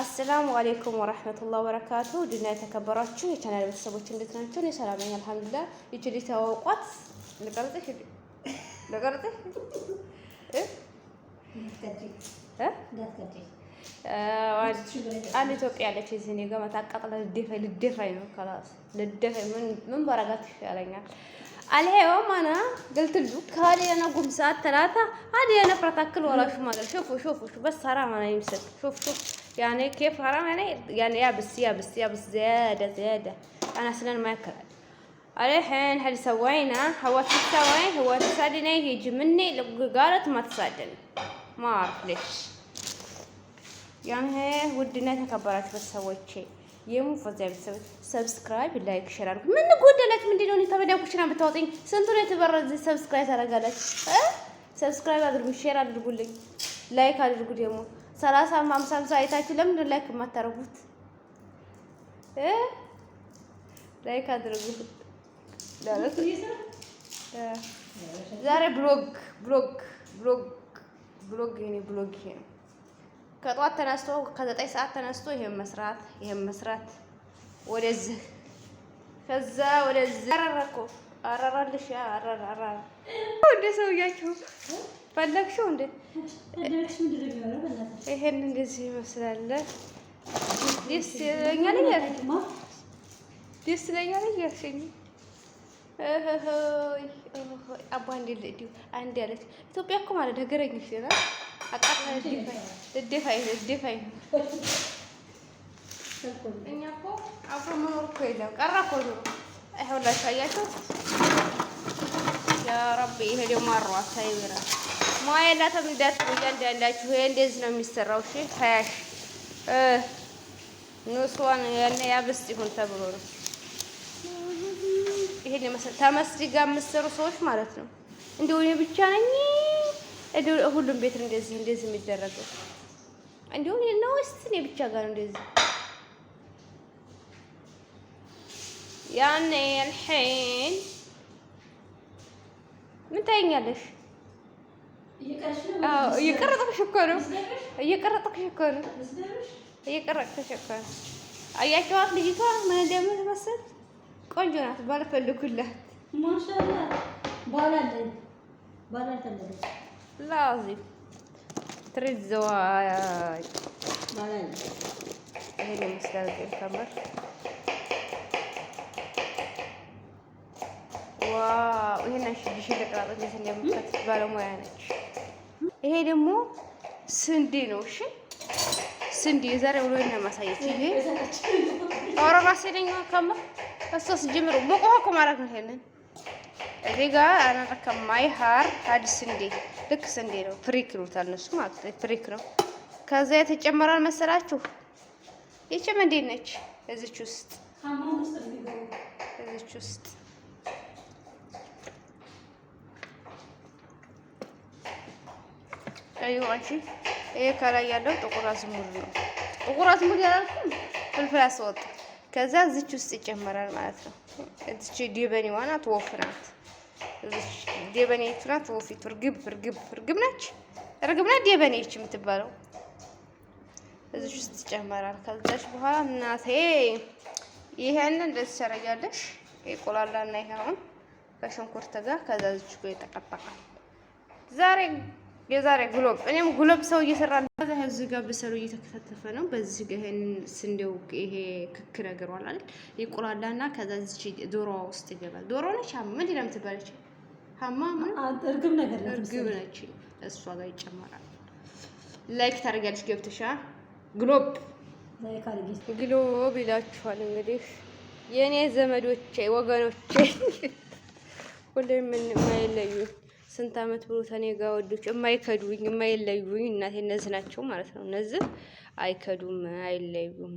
አሰላሙ አሌይኩም ወረህመቱላህ ወበረካቱ ድና የተከበራችሁ የቻናል ቤተሰቦች እንዴት ናቸው? እኔ ሰላም ነኝ አልሐምዱሊላህ። ይችል ተዋውቋት አንድ ኢትዮጵያ ያለች እዚህ እኔ ገመት አቃጥላ ልደፋኝ ልደፋኝ ነው ከእራስ ልደፋኝ ምን ባረጋት ይሻለኛል? አልሄዋም አና ገልትሉ ካሊያና ጉምሰዓት ተላታ አሊያና ፍረታክል ወራሹ ማገል ሾፉ ሾፉ በስ ሰራ ማና ይምሰል ሾፍ ሾፍ يعني كيف حرام يعني يعني يابس يابس يابس زيادة زيادة أنا أصلا ما أكل الحين هل سوينا هو تسوي هو تصادني يجي مني لو قالت ما تصادن ما أعرف ليش يعني هي ودنا تكبرت بس سويت شيء የሙ ፈዚያ ቤተሰብ ሰብስክራይብ ላይክ ሼር አድርጉ። ምን ጎደላችሁ? ምንድን ነው የተበዳ ኩሽና ብታወጣኝ سبسكرايب የተበረዘ ሰብስክራይብ ታደርጋላችሁ? ሰብስክራይብ አድርጉ፣ ሼር አድርጉልኝ፣ لايك አድርጉ ደግሞ ሰላሳም ሃምሳም ሰው አይታችሁ ለምንድን ላይክ የማታደርጉት? ላይክ አድርጉ። ዛሬ ብሎግ ብሎግ ብሎግ ብሎግ ይሄ ብሎግ ይሄ ነው። ከጠዋት ተነስቶ ከዘጠኝ ሰዓት ተነስቶ ይሄን መስራት ይሄን መስራት ወደዚህ ከዛ ወደዚህ አራራኮ እኮ አራራልሽ አራራ እንደ ሰውያችሁ ፈለግሽው እንደ ይሄን እንደዚህ ይመስላል። ደስ ይለኛል ደስ ይለኛል እያልሽኝ አባ አንድ ያለች ኢትዮጵያ እኮ ማለት ነገረኝሽ ይላል። አቃታ ልደፋኝ ልደፋኝ እኛ እኮ አብሮ መኖር እኮ የለም ቀረ እኮ ኑሮ አይሆንላችሁ። አያችሁት ያ ረቢ ይሄ ደግሞ አሯ ሳይበራ ሙያ የላትም እንዳትሉ ይሄ እንደዚህ ነው የሚሰራው። እሺ ያኔ ያብስ ይሁን ተብሎ ነው ይሄን የመሰለ የምትሰሩ ሰዎች ማለት ነው። እንደው እኔ ብቻ ነኝ ሁሉም ቤት እንደዚህ እንደዚህ የሚደረገው እንደው እኔ ነው ወይስ እኔ ብቻ ጋር እንደዚህ ያኔ አልሐይን ምን ታየኛለሽ? اه يكرر طق شكر يكرر طق شكر يكرر طق شكر اي اكواخ دي اكواخ ما دام بس قنجو نات بالا فلو كله ما شاء الله بالا دي بالا تندر لازم تريد زواج بالا دي ايه ዋው! ይሄን አሽሽ ለቀራጣት ነው እንደምትከት ባለሙያ ነች። ይሄ ደግሞ ስንዴ ነው። እሺ ስንዴ ዛሬ ብሎ እና ማሳየት ይሄ አውራባ ሲደኛ ከመ እሷስ ጀምሩ ሞቆ እኮ ማለት ነው። ይሄንን እዚህ ጋር አናረከማ ይሃር አዲስ ስንዴ ልክ ስንዴ ነው። ፍሪክ ነው ታነሱ ማለት ፍሪክ ነው። ከዛ የተጨመራል መሰላችሁ ይቺ ምንድን ነች? እዚች ውስጥ እዚች ውስጥ እዩ ይሄ ከላይ ያለው ጥቁር አዝሙድ ነው። ጥቁር አዝሙድ ያላልኩም ፍልፍል ከዛ እዚች ውስጥ ይጨመራል ማለት ነው። እዚች ዲበኒ ዋናት ወፍ ናት። እዚች ዴበኔ ናት ወፊቱ እርግብ እርግብ እርግብ ናች እርግብ ናት ዴበኔ የምትባለው እዚች ውስጥ ይጨመራል። ከዛች በኋላ እናቴ ይሄንን እንደዚህ ሰረጃለሽ ይቆላላና ይሄውን በሽንኩርት ጋር ከዛ እዚች ጋር ይጠቀጠቃል ዛሬ የዛሬ ጉሎብ እኔም ጉሎብ ሰው እየሰራ ነው። እዚህ ጋር በሰሉ እየተከተፈ ነው። በዚህ ጋር ይሄን ስንዴው ይሄ ክክ ነገር ዋላ አይደል ይቆላላና ከዛ እዚህ ዶሮ ውስጥ ይገባል። ዶሮ ነች ምን ይላል የምትባለች ሀማ ምን እርግብ ነገር ነው። እርግብ ነች። እሷ ጋር ይጨመራል። ላይክ ታደርጊያለሽ ገብተሻ ግሎብ ግሎብ ይላችኋል። እንግዲህ የእኔ ዘመዶቼ ወገኖቼ ሁሌም ምን ማይለዩ ስንት አመት ብሎ ተኔ ጋር ወዶች የማይከዱኝ የማይለዩኝ እናቴ እነዚህ ናቸው ማለት ነው። እነዚህ አይከዱም፣ አይለዩም፣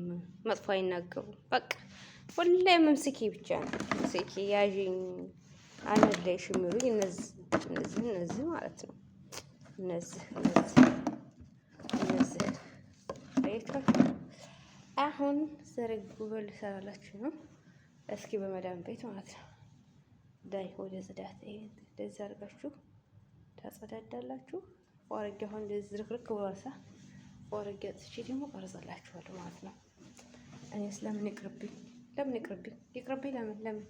መጥፎ አይናገሩም። በቃ ሁላ መምስኪ ብቻ ነው ምስኪ ያዥኝ አንለይሽ የሚሉኝ እነዚህ እነዚህ ማለት ነው። እነዚህ እነዚህ እነዚህ አሁን ዘረጉ በል ልሰራላችሁ ነው። እስኪ በመዳን ቤት ማለት ነው ዳይ ወደ ጽዳት እንደዚህ አድርጋችሁ ታጸዳዳላችሁ። ዋርጌ አሁን እንደዚህ ዝርክርክ ብሏሳ ዋርጌ አጥቼ ደግሞ ቀርጸላችኋለሁ ማለት ነው። እኔስ ለምን ይቅርብኝ? ለምን ይቅርብኝ? ይቅርብኝ ለምን ለምን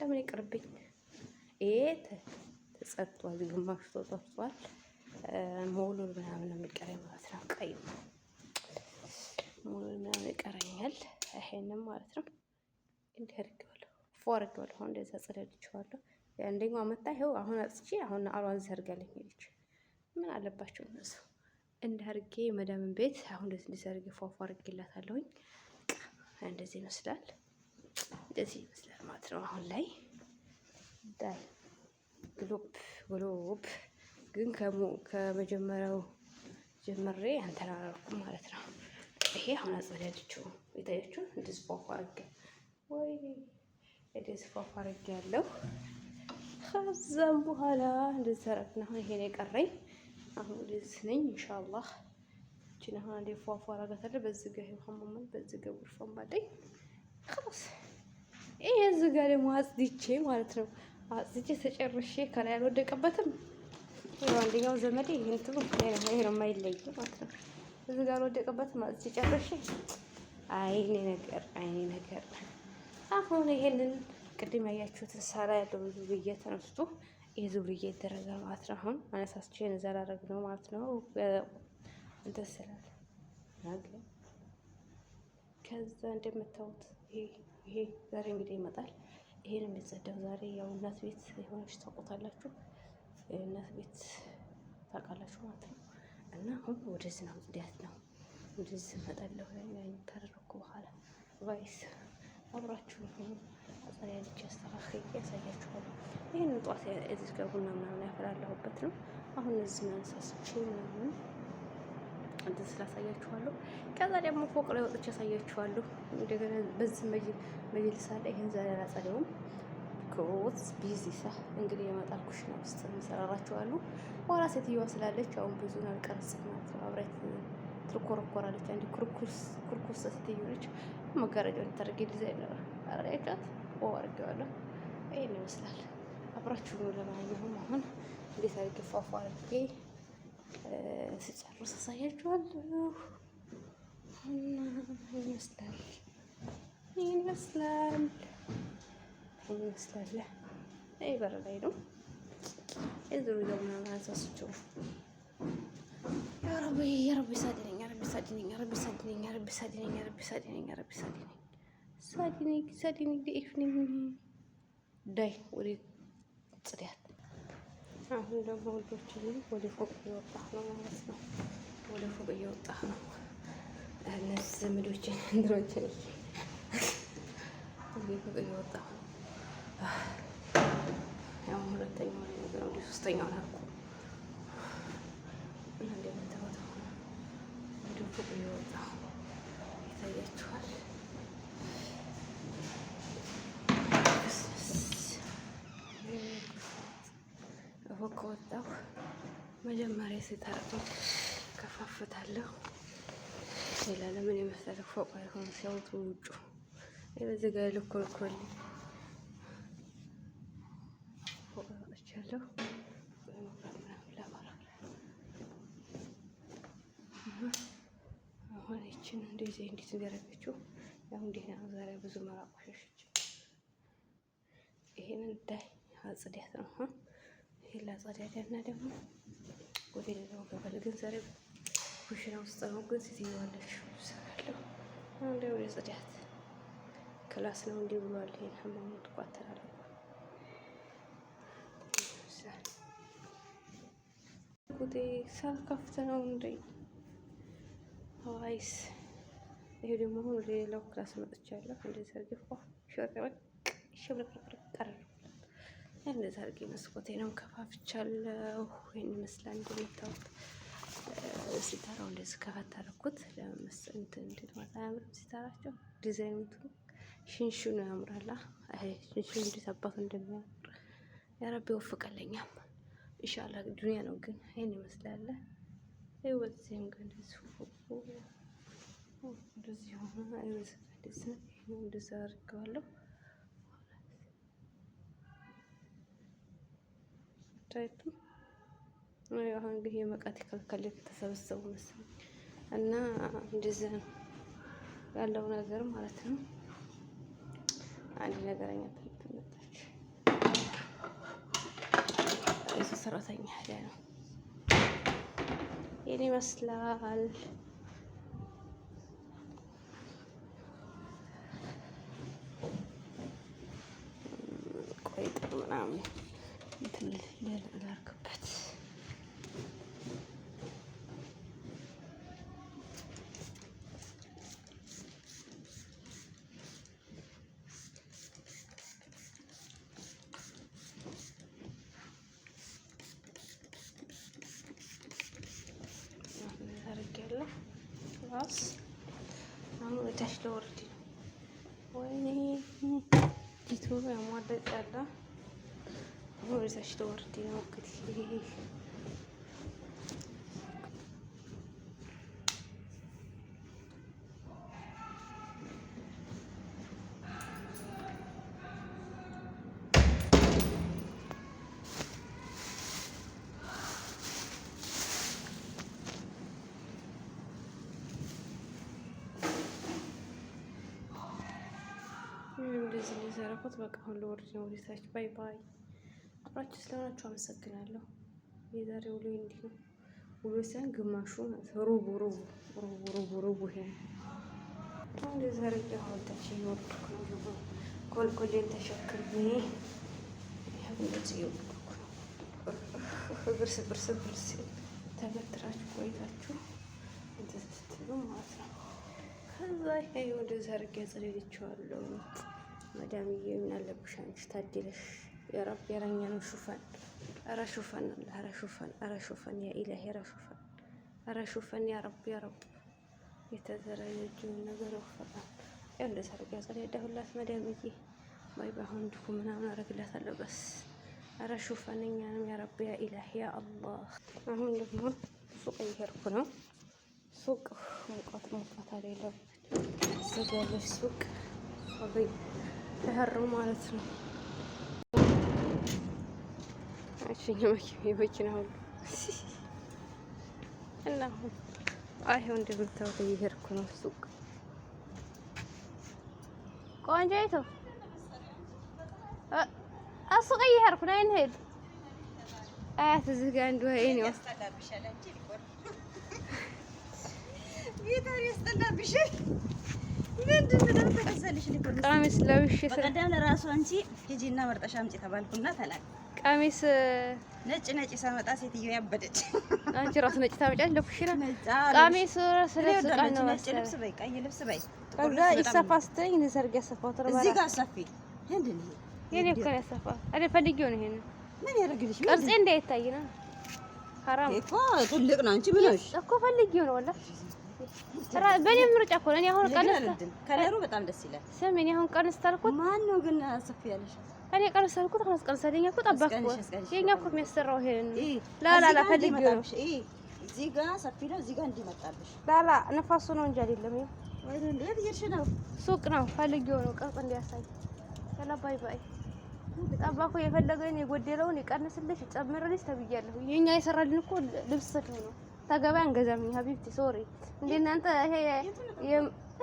ለምን ይቅርብኝ? ይሄ ተጸድቷል፣ ግማሽ ተጠርቷል። ሙሉን ምናምን ነው የሚቀረኝ ማለት ነው። ቀይ ሙሉን ምናምን ይቀረኛል። ይሄንም ማለት ነው እንዲህ አድርጌዋለሁ፣ ፎ አሁን እንደዚህ አጸዳድቼዋለሁ። አንደኛዋ መታ ይኸው አሁን አጽቼ አሁን አሏን ዘርጋለኝ ሄደች። ምን አለባቸው እነሱ። እንደ እንዳርጌ መዳምን ቤት አሁን እንደዚህ እንዲዘርግ ፏፏ አድርጌላታለሁኝ። እንደዚህ ይመስላል፣ እንደዚህ ይመስላል ማለት ነው። አሁን ላይ ዳይ ግሎብ ግሎብ ግን ከመጀመሪያው ጀምሬ አንተራራኩም ማለት ነው። ይሄ አሁን አጸዳድችው የታያችሁ እንደዚህ ፏፏ አድርጌ ወይ እንደዚህ ፏፏ አድርጌ ያለው ከዛም በኋላ ልንሰረፍ ነው። ይሄን የቀረኝ አሁን ልብስ ነኝ። ኢንሻአላህ እቺን አሁን አንዴ ፏፏ አደርጋታለሁ። በዚህ ጋር ይኸው በዚህ ጋር ጉርፋን ባለኝ خلاص ይሄ እዚህ ጋር ደግሞ አጽድቼ ማለት ነው። አጽድቼ ተጨርሼ ከላይ አልወደቀበትም። ይሄው አንደኛው ዘመዴ ይሄን እንትኑ ይሄ ነው ነው የማይለይ ማለት ነው። እዚህ ጋር አልወደቀበትም። አጽድቼ ጨርሼ አይኔ ነገር አይኔ ነገር አሁን ይሄንን ቅድም ያያችሁትን ሳራ ያለው ዙርዬ ተነስቶ ይህ ዙርዬ ይደረጋ ማለት ነው። አሁን አነሳስቼ እንዘራረግ ነው ማለት ነው። እንትን ስላለ ከዛ እንደምታዩት ይሄ ዛሬ እንግዲህ ይመጣል። ይሄን ነው የሚጸዳው ዛሬ። ያው እናት ቤት የሆነች ታውቁታላችሁ፣ እናት ቤት ታውቃላችሁ ማለት ነው። እና አሁን ወደዚህ ነው ጽዳት ነው ወደዚህ መጣለሁ ከረኩ በኋላ ቫይስ አብራችሁ ይሁኑ። አጸዳድቼ አስተካክዬ ያሳያችኋለሁ። ይህን ጧት እዚህ ጋር ቡና ምናምን ያፈላለሁበት ነው። አሁን እዚህ አንሳስቼ ምናምን እንትን ስላሳያችኋለሁ። ከዛ ደግሞ ፎቅ ላይ ወጥቼ ያሳያችኋለሁ። እንደገና በዚህ መጅልስ አለ። ይህን ዛሬ አላጸዳውም። ክሮት ቢዚ ሳ እንግዲህ የመጣል ኩሽና ውስጥ እንሰራራችኋለሁ። በኋላ ሴትዮዋ ስላለች አሁን ብዙን አልቀርጽ ማለት ነው አብረት ትኮረኮራለች። አንድ ኩርኩስ ስትዩ ልጅ መጋረጃውን ታደርግ ዲዛይነር አረጋጫት አድርጌዋለሁ። ይህን ይመስላል። አብራችሁ ነው። ለማንኛውም አሁን እንዴት አድርጌ ፏፏ አድርጌ ስጨርስ አሳያችኋለሁ። ይመስላል ይመስላል ይመስላል። ይህ በር ላይ ነው የዙሩ ደግሞ ማንሳስቸው የአረቡ የአረቡ ሳድነኝ ረቢ ሳድነኝ፣ ረቢ ሳድነኝ፣ ረቢ ሳድነኝ፣ ረቢ ሳድነኝ፣ ረቢ ሳድነኝ፣ ሳድነኝ፣ ሳድነኝ፣ ደኢፍ ነኝ። ዳይ ወደ ጽዳት። አሁን ደግሞ ልጆች ወደ ፎቅ እየወጣ ነው ማለት ነው። ወደ ፎቅ እየወጣ ነው። እነዚህ ዘመዶችን እንድሮችን ወደ ፎቅ እየወጣ ያው ሁለተኛው ነገር ወደ ሶስተኛው ናርኩ ፎቅ የወጣው ይታያችኋል። ፎቅ ከወጣሁ መጀመሪያ ሲታረቁት ከፋፍታለሁ። ሌላ ለምን የመሰለ ፎቅ አይሆን ሲያወጡ ውጩ በዚህ ጋር ልኮልኮልኝ ጊዜ እንዴት እንደረገችው ያው እንዴት ነው ዛሬ ብዙ መራቆሸች። ይሄን እንዳይ አጽዳት ነው ይሄን ላጽዳት እና ደግሞ ወደ ሌላው ገበል ግን ዛሬ ኩሽና ውስጥ ነው። ግን ሴትዮ አለች ሰራለሁ እንደ ወደ ጽዳት ክላስ ነው እንዲህ ብሏል። ይሄን ሀማሙ ትቋተራለ ጉዴ ሳልከፍት ነው እንዴ? ዋይስ ይሄ ደግሞ አሁን ወደ ሌላው ክላስ መጥቻለሁ። እንደዚህ አድርጌ ፏ ሸብረቅ ሸብረቅረቅ ቀረብ እንደዚህ አድርጌ ነው ከፋፍቻለሁ። ይሄን ይመስላል እንደምታዩት። ሲታራው እንደዚህ ከፈት አደረኩት ለመሰል እንትን እንዴት ማለት አያምርም? ሲታራቸው ዲዛይኑ ሽንሽኑ ያምራላ። አይ ሽንሽኑ እንዴት አባቱ እንደሚያምር ያረቢ ወፍቀለኛም። ኢንሻአላህ ዱንያ ነው ግን ይሄን ይመስላል። ይኸው በዚህም ግን እንደዚህ እንደዚህ ሆኖ እንደዚህ አድርገዋለሁ። ታይቱ አሁን እንግዲህ የመቃት ይከልከል የተሰበሰቡ መሰለኝ እና እንደዚህ ነው ያለው ነገር ማለት ነው። አንድ ነገረኛ ተመጣጣች እሱ ሰራተኛ ያለ ነው ይሄን ይመስላል። ፈይጥር ምናምን እንትን ላርክበት አሁን ወደ ለወርድ ነው። ወይኔ ቲቶ ያሟደቅ ያለ በዛች ተወርድ ነው እንግዲህ እንደዚህ ነው በቃ አሁን ልወርድ ነው። ወደታች ባይ ባይ። አብራችሁ ስለሆናችሁ አመሰግናለሁ። የዛሬው ውሎ እንዲህ ነው። ውሎ ሳይሆን ግማሹ ሩቡ ሩቡ ሩቡ ሩቡ ሩቡ ይሄ አሁን የዛሬ ሐውልታች እየወደድኩ ነው። ኮልኮሌን ተሸክሜ ይሄ እንደዚህ ነው። ብርስ ብርስ ብርስ ተበትራችሁ ቆይታችሁ እንትን ስትሉ ማለት ነው። ከዛ ይሄ ወደ ዛርግ ያጸደልችዋለሁ። መዳምዬ ምን አለብሽ አንቺ ታድለሽ የረብ የረኛን ሹፈን ኧረ ሹፈን አለ ኧረ ሹፈን ኧረ ሹፈን ያ ኧረ ሹፈን ኧረ ሹፈን ያ ረብ ያ ረብ የተዘረየችውን ነገር ወፈጣል ያው እንደ ሰርግ ያጸዳዳሁላት መዳምዬ ባይ ባሁን ድኩ ምናምን አረግላታለሁ በስ ኧረ ሹፈን እኛንም ያ ረብ ያ ኢላሂ ያ አሁን ደግሞ ሱቅ እየሄድኩ ነው ሱቅ ሙቀት ሙቀት አይደለም ስጋ ለሱቅ ተህሩ ማለት ነው አስቀረችኝ የመኪና ሁሉ እና አሁን አይኸው እንደምታወት እየሄድኩ ነው ሱቅ ቆንጆይቱ ሱቅ እየሄድኩ ነው አይንሄድ አያት እዚህ ጋር እንዲ ይኔ ውስጥ ቀሚስ ለብሼ ቀደም ለራሱ አንቺ ሂጂና መርጠሻ አምጪ ተባልኩና ተላል ቀሚስ ነጭ ነጭ ሳመጣ ሴትዮ ያበደች። አንቺ ራስ ነጭ ታመጫለሽ ለኩሽና ቀሚስ ራስ ልብስ ነው ነጭ ልብስ በይ፣ ቀይ ልብስ በይ። ከዛ ይሰፋ ስትለኝ እኔ ሰርግ ያሰፋው ተረባ እዚህ ጋር ሰፊ እንዴ ነው እኮ ያሰፋ አይደል? ፈልጌው ነው ይሄን ምን ያደርግልሽ? ቅርጼ እንዳይታይ ነው። ሐራም እኮ ትልቅ ነው። አንቺ ምን ሆነሽ እኮ ፈልጌው ነው ወላሂ በእኔ ምርጫ እኮ ነው። እኔ አሁን ቀንስ፣ ከለሩ በጣም ደስ ይላል። ስም እኔ አሁን ቀንስ ታልኩት። ማን ነው ግን ሰፊ ያለሽ? እኔ ቀንስ አልኩት አሁን አስቀንሰልኝ። የእኛ እኮ ጠባክ እኮ እኮ የሚያሰራው ይሄን ላላ ላፈልግ ነው። እዚህ ጋር ሰፊ ነው፣ እዚህ ጋር እንዲመጣልሽ ላላ ነፋሱ ነው እንጂ አይደለም። ሱቅ ነው፣ ፈልጌው ነው ቅርጽ እንዲያሳይ። ያላ ባይ ባይ። ጠባኩ የፈለገውን የጎደለውን ይቀንስልሽ ይጨምርልሽ ተብያለሁ። የእኛ የሰራልን እኮ ልብስ ነው። ተገበያ እንገዛም ሀቢብቲ ሶሪ። እንደ ይሄ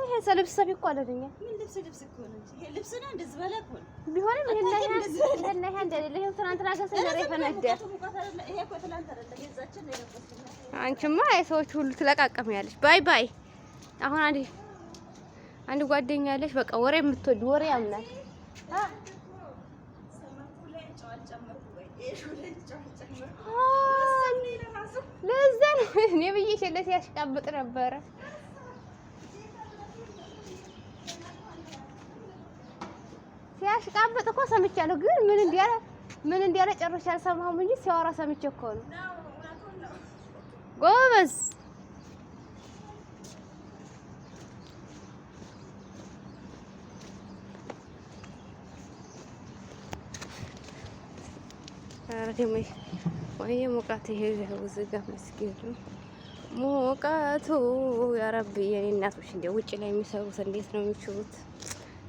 ይሄ ልብስ ሰብ እኮ አለኝ። ምን ልብስ ልብስ እኮ ነው ይሄ ልብስ ነው። እንደዚህ በላ እኮ ነው ቢሆንም ይሄ ላይ አንቺማ አይ ሰዎች ሁሉ ትለቃቀም ያለሽ። ባይ ባይ። አሁን አንድ አንድ ጓደኛ ያለች በቃ ወሬ የምትወድ ወሬ ያምናል። ለዛ ነው እኔ ብዬሽ የለት ያሽቃብጥ ነበረ ሲያሽቃብጥ እኮ ሰምቻለሁ፣ ግን ምን እንዲያለ ምን እንዲያለ ጨርሼ አልሰማሁም እንጂ ሲያወራ ሰምቼ እኮ ነው። ጎበዝ ወይ ሙቀት ይሄ ዝጋ መስጊዱ ሙቀቱ፣ ያ ረቢ የኔ እናቶች፣ እንደ ውጭ ላይ የሚሰሩት እንዴት ነው የሚችሉት?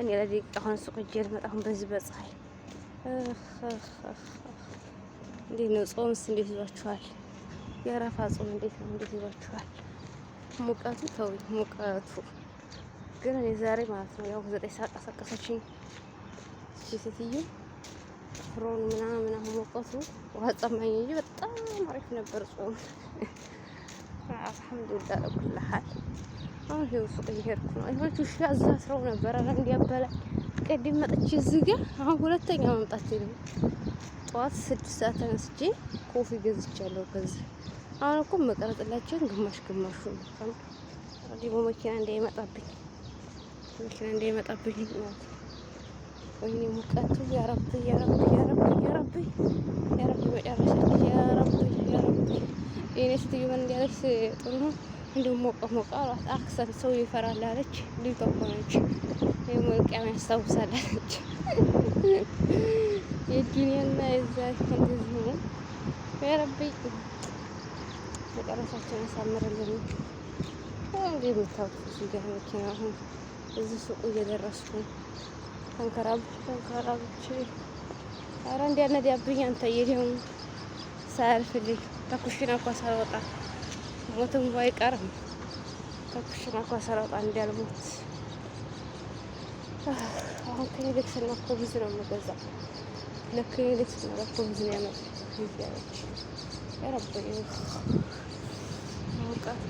እኔ ለደቂቃ አሁን ሱቅ ሂጅ ልመጣ አሁን በዚህ በፀሐይ እንዴት ነው? ጾምስ እንዴት ይዟችኋል? የአረፋ ጾም እንዴት ነው? እንዴት ይዟችኋል? ሙቀቱ ተው ሙቀቱ ግን እኔ ዛሬ ማለት ነው ያው ዘጠኝ ሰዓት ቀሰቀሰችኝ ሴትዮ ፍሮን ምናምን አሁን ሙቀቱ ውሃ እንጂ በጣም አሪፍ ነበር ጾም። አልሐምዱሊላህ ለኩል አሁን ይኸው ሱቅ እየሄድኩ ነው። ይኸው ቱሽላ እዛ አስረው ነበር። አረ እንዲያበላኝ ቅድም መጥቼ እዚህ ጋር አሁን ሁለተኛ መምጣት ይልም ጠዋት ስድስት ሰዓት ተነስቼ ኮፊ ገዝቻለሁ። ከዚህ አሁን እኮ መቀረጥላቸውን ግማሽ ግማሹ ነው። ደግሞ መኪና እንዳይመጣብኝ መኪና እንዳይመጣብኝ ማለት ወይኔ ሙቀቱ ያረብ ያረብ ያረብ ያረብ ያረብ መጨረሻ ያረብ ያረብ የኔ ስትዩ ምን እንዲያለች ጥሩ ነው። እንዲሁም ሞቀ ሞቀ አሏት። አክሰን ሰው ይፈራል አለች። ልጅቷ ሆነች የሞቅያን ያስታውሳል አለች። የዲኔና የዛ ከንትዝሙ ያረቢ መጨረሻችን ያሳምርልን። እንዲህ የምታውቁ እዚህ መኪና አሁን እዚህ ሱቁ እየደረስኩ ተንከራብ ተንከራብቼ ኧረ እንዲያነዳብኝ አንተ የዲሆን ሳያልፍልኝ ተኩሽና እኳ ሳልወጣ ሞትም አይቀርም። ተኩሽና እኮ ሰራጣ እንዳልሞት አሁን ክሊኒክ ስና እኮ ብዙ ነው የምገዛው። ለክሊኒክ ስና እኮ ብዙ ነው ያመጡት ጊዜያዎች ያረበ እውቀት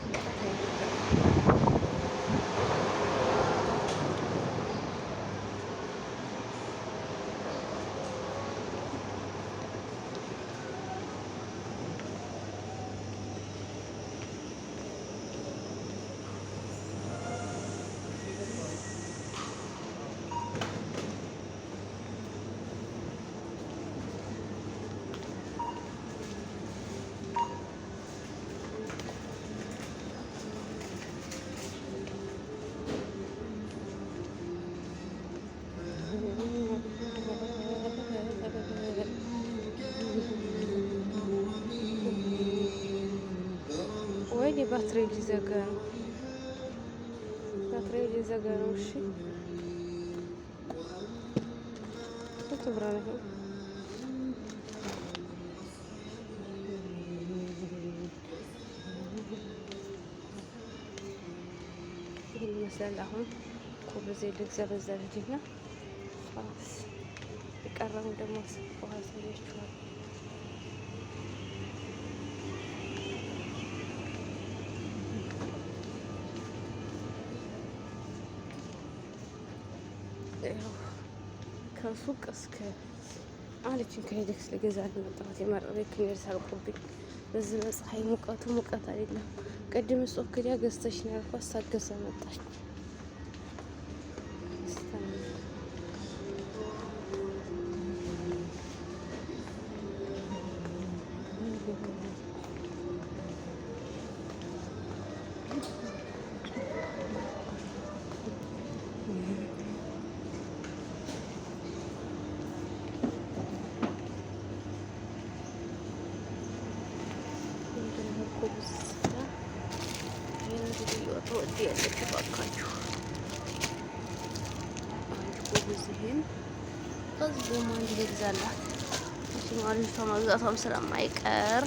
ባትሪ ሊዘጋ ነው። ባትሪ ሊዘጋ ነው። እሺ ስንት ብር ይህን ይመስላል። አሁን ኩብዜ ልግዛ በዛ የቀረውን ደግሞ ውሃ ሰሪያችኋል ያው ከሱቅ እስከ አለችን ከሄደክስ ለገዛት ለመጣት የመረረኝ ክኔር ሳልቆብኝ በዚህ በፀሐይ ሙቀቱ ሙቀት አይደለም። ቅድም ሶፍክዲያ ገዝተሽ ነው ያልኳት ሳትገዛ መጣች። ያለች ባካችሁ። አንድ ጎበዝ ይሄን ከዚህ ደግሞ አንድ ልግዛላት። እሱ ማግዛቷም ስለማይቀር